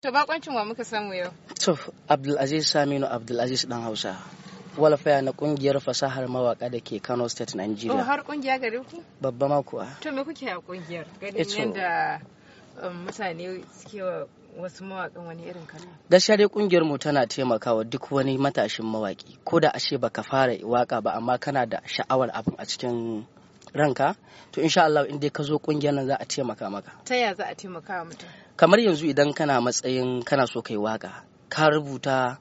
To bakoncin wa muka samu yau? To Abdulaziz Saminu Abdulaziz dan Hausa. walfaya na kungiyar fasahar mawaka da ke Kano State Nigeria. Oh, har kungiya gare ku? Babba ma kuwa. To me kuke a kungiyar? Ganin yadda um, mutane suke wa wasu mawakan wani irin kala. Gaskiya dai kungiyar mu tana taimakawa duk wani matashin mawaki ko da ashe baka fara waka ba amma kana da sha'awar abin a cikin ranka to insha Allah in dai ka zo kungiyar nan za a taimaka maka ta ya za a taimaka wa mutum kamar yanzu idan kana matsayin kana so kai waka ka rubuta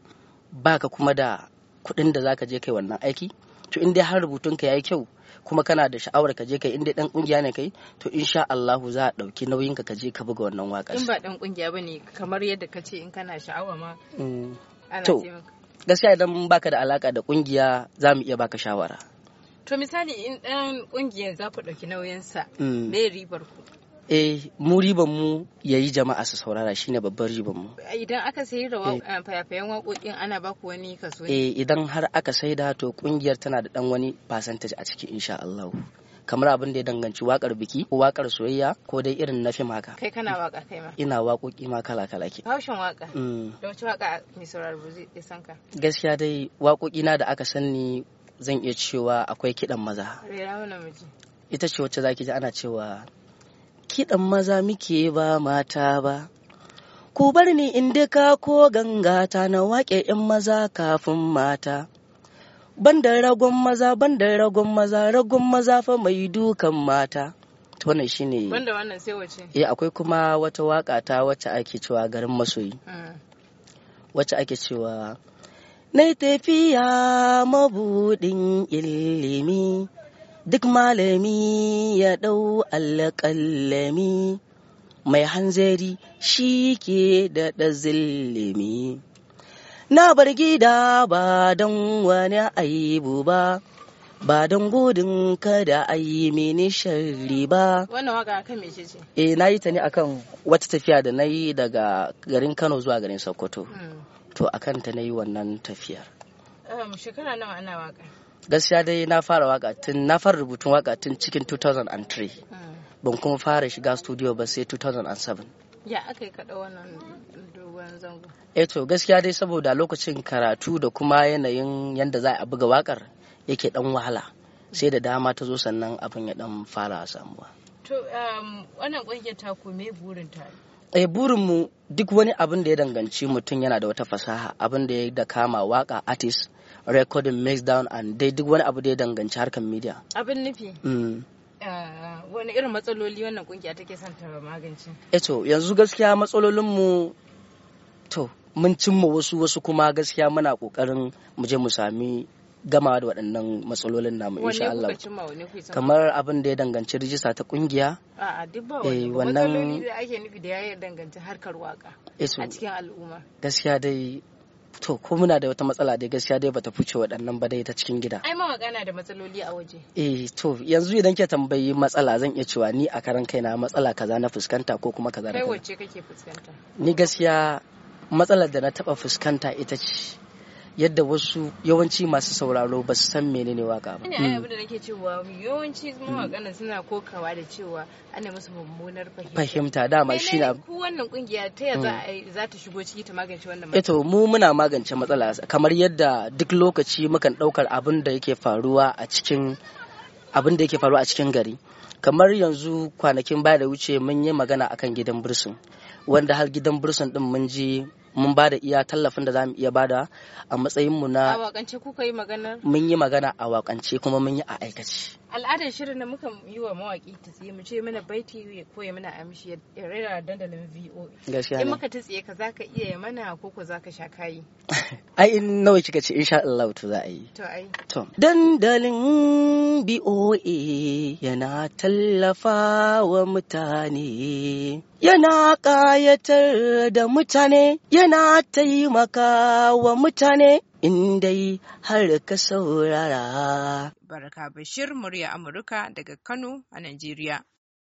baka kuma da kuɗin da zaka je kai wannan aiki to in dai har rubutun ka yayi kyau kuma kana da sha'awar ka je kai in dai dan kungiya ne kai to insha Allah za a dauki nauyin ka ka je ka buga wannan waka in ba dan kungiya bane kamar yadda ka ce in kana sha'awa ma mm. to gaskiya idan baka da alaka da kungiya za mu iya baka shawara to misali in ɗan ƙungiyar za ku ɗauki nauyinsa mm. me ribar ku eh mu ribar mu yayi jama'a su saurara shine babban ribar mu idan aka sayi da eh. eh, fayafayan waƙoƙin ana baku wani kaso eh idan har aka da to kungiyar tana da dan wani percentage a ciki insha Allah kamar abin da ya danganci wakar biki ko wakar soyayya ko dai irin na fim haka kai kana waka kai ma ina waƙoƙi ma kala kala ke haushin waka mm. da wace waka mai sauraro zai san ka gaskiya dai waƙoƙi na da aka sani zan iya cewa akwai kiɗan maza ita ce wacce zaki ji ana cewa kiɗan maza muke ba mata ba ku bar ni in duka ko gangata na waƙe in maza kafin mata banda ragon maza banda ragon maza ragon maza fa mai dukan mata to wannan shine banda wannan sai wace eh akwai kuma wata waka ta wacce ake cewa garin masoyi mm. wacce ake cewa na tafiya mabuɗin ilimi duk malami ya ɗau alƙalami mai hanzari shi ke daɗa zillimi na bar gida ba don wani aibu ba ba don gudun kada a yi mini shari ba. Wannan waka akan ce? Eh na yi ta ne akan wata tafiya da na yi daga garin Kano zuwa garin Sokoto. Hmm. to a kanta na yi wannan tafiyar um, shekara nawa ana waka gaskiya dai na fara waka tun na fara rubutun waka tun cikin 2003 hmm. ban kuma fara shiga studio ba sai 2007 ya aka yi kaɗa wannan dogon zango eh to gaskiya dai saboda lokacin karatu da kuma yanayin yadda za a buga wakar yake dan wahala sai da dama ta zo sannan abin ya dan fara samuwa to um, wannan kungiyar ta kome burin ta eh burinmu duk wani abin da ya danganci mutum yana da wata fasaha abin da ya da kama waka artist recording mix down and dai duk wani abu da ya danganci harkar media abin nufi mm. eh, wani irin matsaloli wannan kungiya take son ta magance eto eh yanzu gaskiya matsalolinmu to mun cimma wasu wasu kuma gaskiya muna kokarin mu je mu sami gama da waɗannan matsalolin namu insha Allah kamar abin da ya danganci rijista ta kungiya eh, a wannan gaskiya dai to ko muna da wata matsala dai gaskiya dai bata fice waɗannan ba dai ta cikin gida ai ma magana da matsaloli a waje eh to yanzu idan ke tambayi matsala zan iya cewa ni a karan kaina matsala kaza na fuskanta ko kuma kaza na kai wacce kake fuskanta ni gaskiya matsalar da na taba fuskanta ita ce yadda wasu yawanci masu sauraro ba su san menene waka ba. Ina hmm. abin da nake cewa yawanci hmm. suna kokawa da cewa ana musu mummunar fahimta. Fahimta dama shi na. Ku wannan kungiya ta ya za hmm. za ta shigo ciki ta magance wannan eh matsala. Eto mu muna magance matsala kamar yadda duk lokaci mukan ɗaukar abin da yake faruwa a cikin abin da yake faruwa a cikin gari. kamar yanzu kwanakin baya da wuce mun yi magana akan gidan bursun wanda har gidan bursun din mun je. mun ba da iya tallafin da za mu iya bada a matsayinmu na a yi mun yi magana a wakance kuma mun yi a aikace al'adar shirin da muka yi wa mawaki ta tsaye mu ce mana baiti ya koya mana amshi ya rera dandalin VOA gaskiya in muka ta tsaye ka zaka iya mana ko ko zaka sha kayi ai in nawa kika ce insha Allah to za a yi to ai to dandalin VOA yana tallafa wa mutane yana ƙayatar da mutane yana taimaka wa mutane in dai har ka saurara. Barka Bashir murya Amurka daga Kano a Najeriya.